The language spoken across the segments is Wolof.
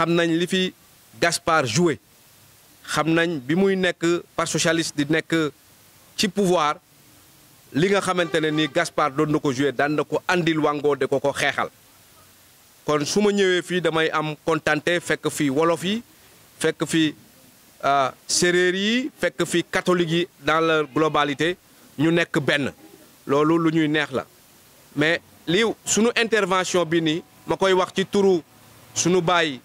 xamnañ li fi Gaspard joué xamnañ bi muy nek par socialiste di nek ci pouvoir li nga xamantene ne ni Gaspard do na ko joué daan ko andil Wango de ko ko xeexal kon suma ma fi damay am contenté fekk fi wolof yi fekk fi euh, séeréer yi fekk fi catholique yi dans la globalité ñu nek ben lolu lu ñuy neex la mais li suñu intervention bi ni ma wax ci turu suñu baay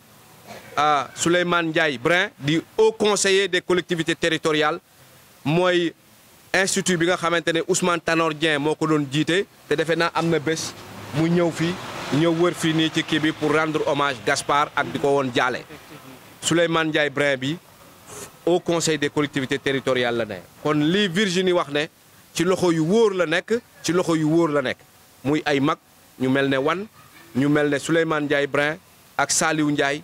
à Souleymane Ndiaye Brin di haut conseiller des collectivités territoriales moi institut bi nga xamantene Ousmane Tanordien mon moo ko doon jiite te defe naa am mu ñëw wër ci pour rendre hommage Gaspard ak diko won woon Souleymane Ndiaye Brin bi au conseil des collectivités territoriales la né kon Virginie wax tu ci loxo yu woor la nek ci loxo yu woor la nek muy ay mag ñu wan ñu Souleymane Ndiaye Brin ak Saliou Ndiaye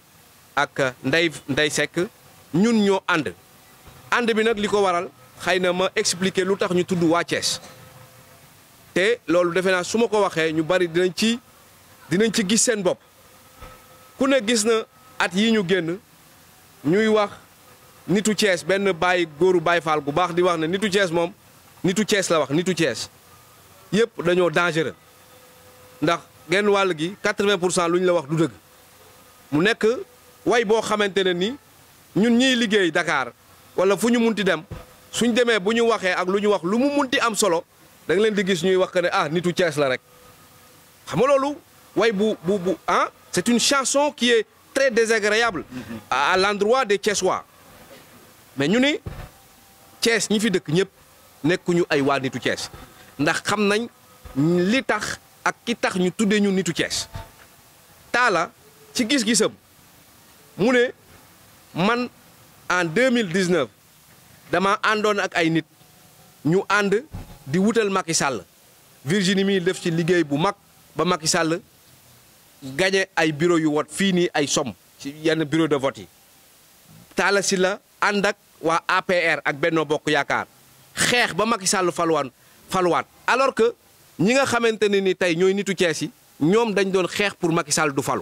ak Dave Ndeye Sek, ñun ande, ànd ànd bi waral xëy ma expliquer lu tax ñu tudd waa Thiès te loolu defe naa su ma ko waxee ñu bari dinañ ci dinañ ci gis ku ne gis na at yi ñu génn ñuy wax nitu Thiès benne bàyyi góoru Baye Fall gu baax di wax ne nitu Thiès mom, nitu Thiès la wax nitu Thiès yep dañoo dangereux ndax genn wàll gi 80 pour lawak lu ñu la wax du mu way bo xamantene ni ñun ñi liggéey Dakar wala fu ñu munti dem suñu démé bu waxé ak luñu wax lu mu munti am solo da nga leen di gis ñuy wax que ah nitu ties la rek xam nga loolu way bu bu bu ah c'est une chanson qui est très désagréable à l'endroit des Thiessois mais ñu ni Thiès ñi fi dëkk ñëpp ñu ay wa nitu ties ndax xam nañ li tax ak ki tax ñu tuddee ñu nitu ties tala ci gis-gisam mune man en 2019 dama andon ak ay nit ñu and di woutal Macky Sall Virginie mi def ci liguey bu mak ba Macky Sall gañe ay bureau yu wot fini nii ay som ci yenn bureau de vote yi Talla Sylla APR ak Benno Bokk yakar xex ba Macky Sall falwan falwat alors que ñi nga xamanteni ni tay ñoy nitu Cees ñom dañ doon xex pour Macky Sall du falu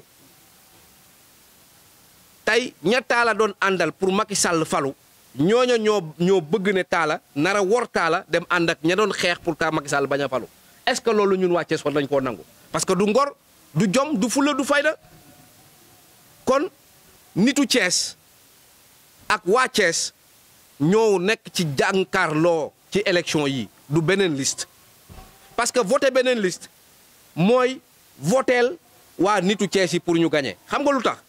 tey ña taala doon àndal pour Macky Sall falu ñooña ñoo ñoo bëgg ne taala nar a wor taala dem ànd ak ña doon xeex pour taa Macky Sall bañ a falu est-ce que loolu ñun wàccees war nañ koo nangu parce que du ngor du jom du fulla du fayda kon nitu Thiès ak waa Thiès ñoo nekk ci jànkaarloo ci élection yi du beneen liste parce que voté beneen liste mooy voteel waa nitu Thiès yi pour ñu gagné xam nga lu tax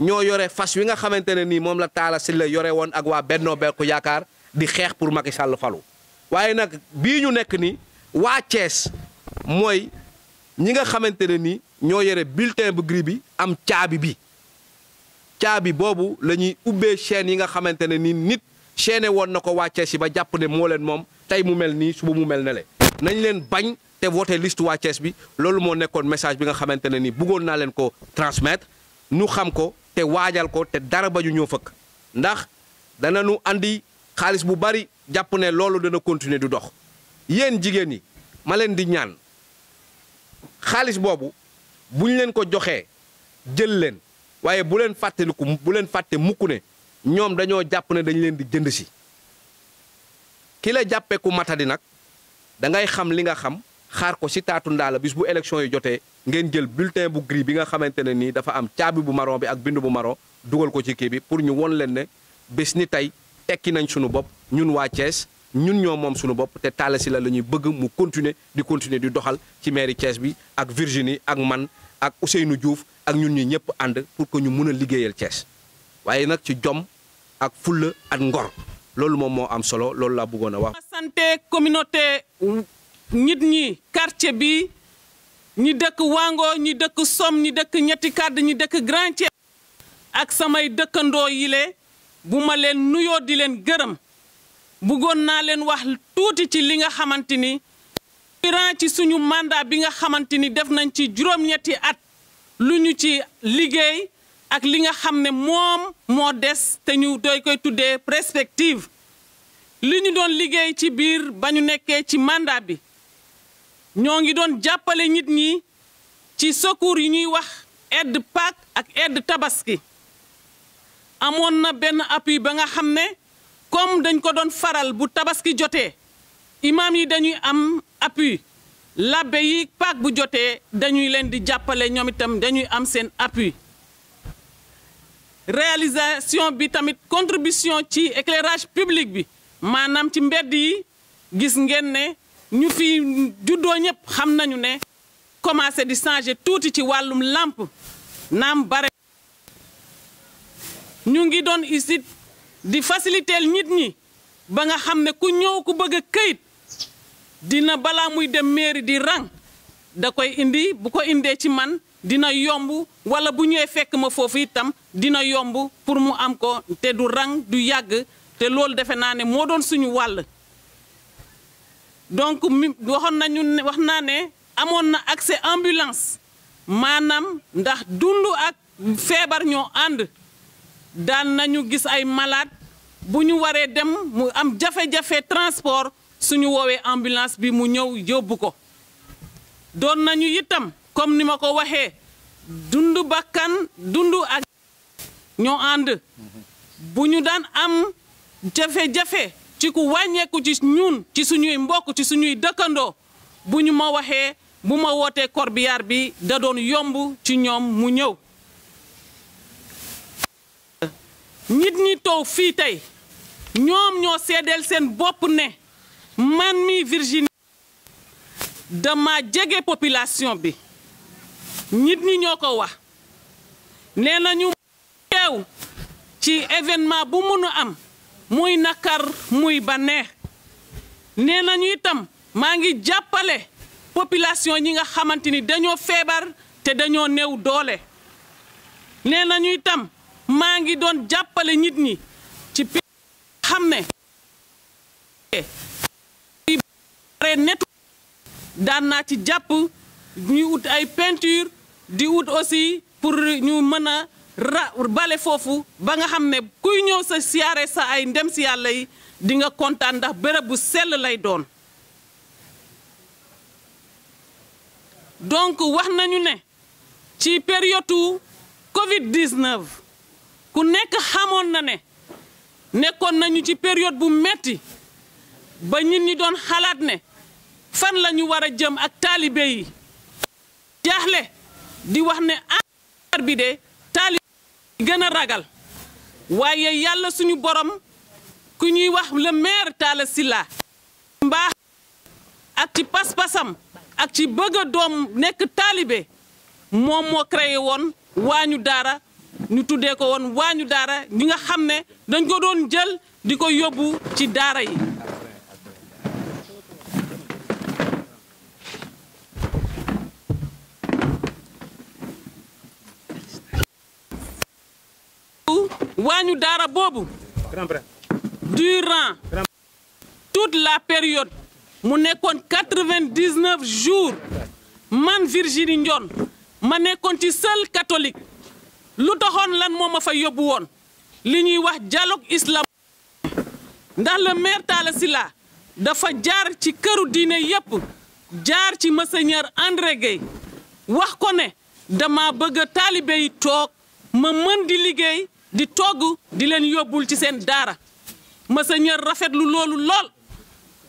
ñoo yore fas wi nga xamante ni mom la taala la yore won ak ben nobel ko yakar di xex pour Macky Sall falu waaye nak bi ñu nekk ni wa Thiès moy ñi nga xamante ni nii ñoo yore bulletin bu am caabi bi caabi bobu lañuy ñuy chaîne yi nga xamante ni nit chaîne won nako wa waa Thiès ba japp ne mo leen mom tay mu mel nii suba mu mel nañ leen bañ te voté liste wa Thiès bi loolu mo nekkoon message bi nga xamante ni bëggon na ko transmettre nu xam ko waajal ko te dara ba ñu ñoo fëkk ndax dana nu andi xaalis bu bari jàpp ne loolu dana continuer du dox yéen jigéen ñi ma leen di ñaan xaalis boobu buñ leen ko joxee jël leen waaye bu leen fàttaliku bu leen fàtte mukk ne ñoom dañoo jàpp ne dañ leen di jënd si ki la jàppee ku matadi nag da ngay xam li nga xam xaar ko si taatu ndaa la bis bu élection yi jotee ngeen jël bulletin bu gris bi nga xamante ne nii dafa am caabi bu marron bi ak bind bu marron dugal ko ci kii bi pour ñu won leen ne bés ni tey tekki nañ suñu bopp ñun waa cees ñun ñoo moom sunu bopp te Talla Sylla la ñuy bëgg mu continuer di continuer di doxal ci mairie Thiès bi ak Virginie ak man ak Ousseynou juuf ak ñun ñi ñëpp ànd pour que ñu mën a liggéeyal Thiès waaye nag ci jom ak fulla ak ngor loolu moom moo am solo loolu laa bëggoon a wax nit ñi quartier bi ñi dëkk Wango ñi dëkk Somme ñi dëkk ñetti kàdd ñi dëkk Grand Thiès ak samay dëkkandoo yile bu leen nuyoo di leen gërëm bëggoon naa leen wax tuuti ci li nga xamante ni durant ci suñu màndaa bi nga xamante ni def nañ ci juróom-ñetti at lu ñu ci liggéey ak li nga xam ne moom moo des te ñu doy koy tuddee perspective li ñu doon liggéey ci biir ba ñu nekkee ci màndaa bi ñoo ngi doon jàppale nit ñi ci secours yi ñuy wax aide Pâques ak edd tabaski amoon na benn appui ba nga xam ne comme dañ ko doon faral bu tabaski jotee imaam yi dañuy am appui làbbe yi paak bu jotee dañuy leen di jàppale ñoom itam dañuy am seen appui réalisation bi tamit contribution ci éclairage public bi maanaam ci mbedd yi gis ngeen ne ñu fi juddoo ñëpp xam nañu ne commencé di changer tuuti ci wàllum làmp naam bare ñu ngi doon isit di faciliter nit ñi ba nga xam ne ku ñëw ku bëgg a këyit dina balaa muy dem mairie di rang da koy indi bu ko indee ci man dina yomb wala bu ñëwee fekk ma foofu itam dina yomb pour mu am ko te du rang du yàgg te loolu defe naa ne moo doon suñu wàll donc waxoon nañu ne wax naa na accès ambulance manam, ndax dund ak feebar ñoo ànd daan nañu gis ay malade bu ñu dem mu am jafe-jafe transport suñu woowee ambulance bi mu ñëw yóbbu ko doon nañu itam comme ni ma ko waxee dundu bakkan dundu ak ñoo ànd bu dan am jafe-jafe ci ku wàññeeku ci ñun ci suñuy mbokk ci suñuy dëkkandoo bu ñu ma waxee bu ma wootee corbillard bi da doon yomb ci ñoom mu ñëw nit ñi tow fii tey ñoom ñoo seedeel seen bopp ne man mi Virginie dama jege population bi nit ñi ñoo ko wax nee nañu teew ci événement bu mënu am muy nakar muy bànneex nee nañu itam maa ngi jàppale population ñi nga xamante ni dañoo feebar te dañoo néew doole nee nañu itam maa ngi doon jàppale nit ñi ci p xam ne net daan naa ci jàpp ñu ut ay peinture di ut aussi pour ñu mën a ra bale foofu ba nga xam ne kuy ñëw sa siyaare sa ay ndem si yàlla yi kontaan ndax béréb bu sell lay doon donc wax nañu ne ci période covid 19 ku nekk xamoon na ne nekkoon nañu ci période bu metti ba ñit ñi doon xalaat ne fan lañu ñu war a jëm ak taalibe yi jaaxle di wax ne ah, bi de gën a ragal waaye yàlla suñu borom ku ñuy wax le maire Talla Sylla mbaax ak ci paspasam ak ci bëgg doom nekk taalibe moom moo créé woon waañu daara ñu tuddee ko woon waañu daara ñi nga xam ne dañ ko doon jël di ko yóbbu ci daara yi durant toute la période mon nekkoon 99 je jours man Virginie Ndion, ma seul catholique lu lan moi ma dialogue islam Dans le maire Talla dafa jaar ci keru je yep, jaar ci monseigneur André Gueye wax kone, Je dama bëgg tok, mën di di togg di leen yóbbul ci seen daara monseigneur rafetlu loolu lool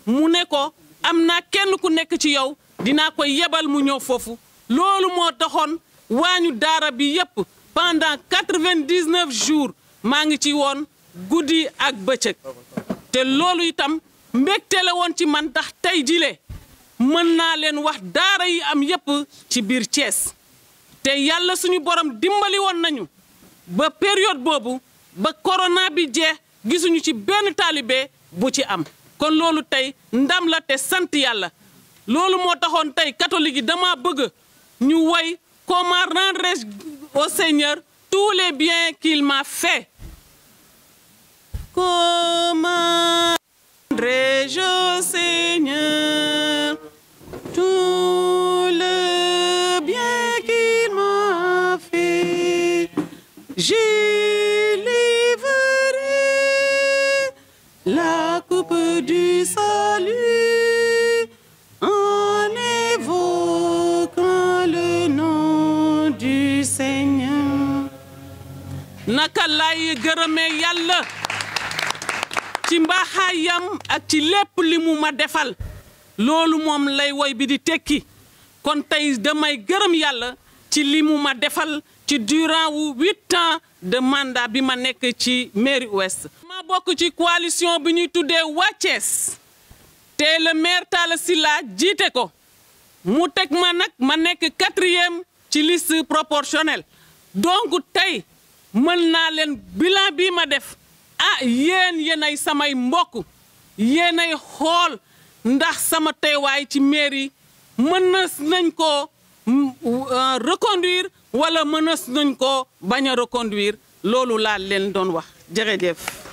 mu ne ko am na kenn ku nekk ci yow dinaa ko yebal mu ñëw foofu loolu moo taxoon waañu daara bi yépp pendant quatre-vingt-dix-neuf jours maa ngi ci woon guddi ak bëccëg te loolu itam mbégte la woon ci man ndax tey jile mën naa leen wax daara yi am yépp ci biir Thiès te yàlla suñu borom dimbali woon nañu ba période bobu ba corona bi je ben ci ben am kon loolu tay ndam la te sante yalla lolu mo catholique dama bëgg ñu comment rendre au Seigneur tous les biens qu'il m'a fait comment Seigneur du salut en évoquant le nom du Seigneur. Nakalaye lay Yalla timba ci mbaaxaayam ak ci lépp li mu ma defal loolu mom lay woy bi di tekki kon ci limu ma defal ci durant wu huit ans de bi ma nekk ci mairie ouest ma bokk ci coalition bi ñuy tuddee waa te le maire Talla Sylla jiite ko mu teg ma nag ma nekk quatrième ci liste proportionnelle donc tey mën naa leen bilan bi ma def ah yéen yéenay samay mbokk yéenay xool ndax sama teewaay ci mairie mën na nañ ko Euh, reconduire wala mënees nañ ko bañ a reconduire loolu laa leen doon wax jërëjëf.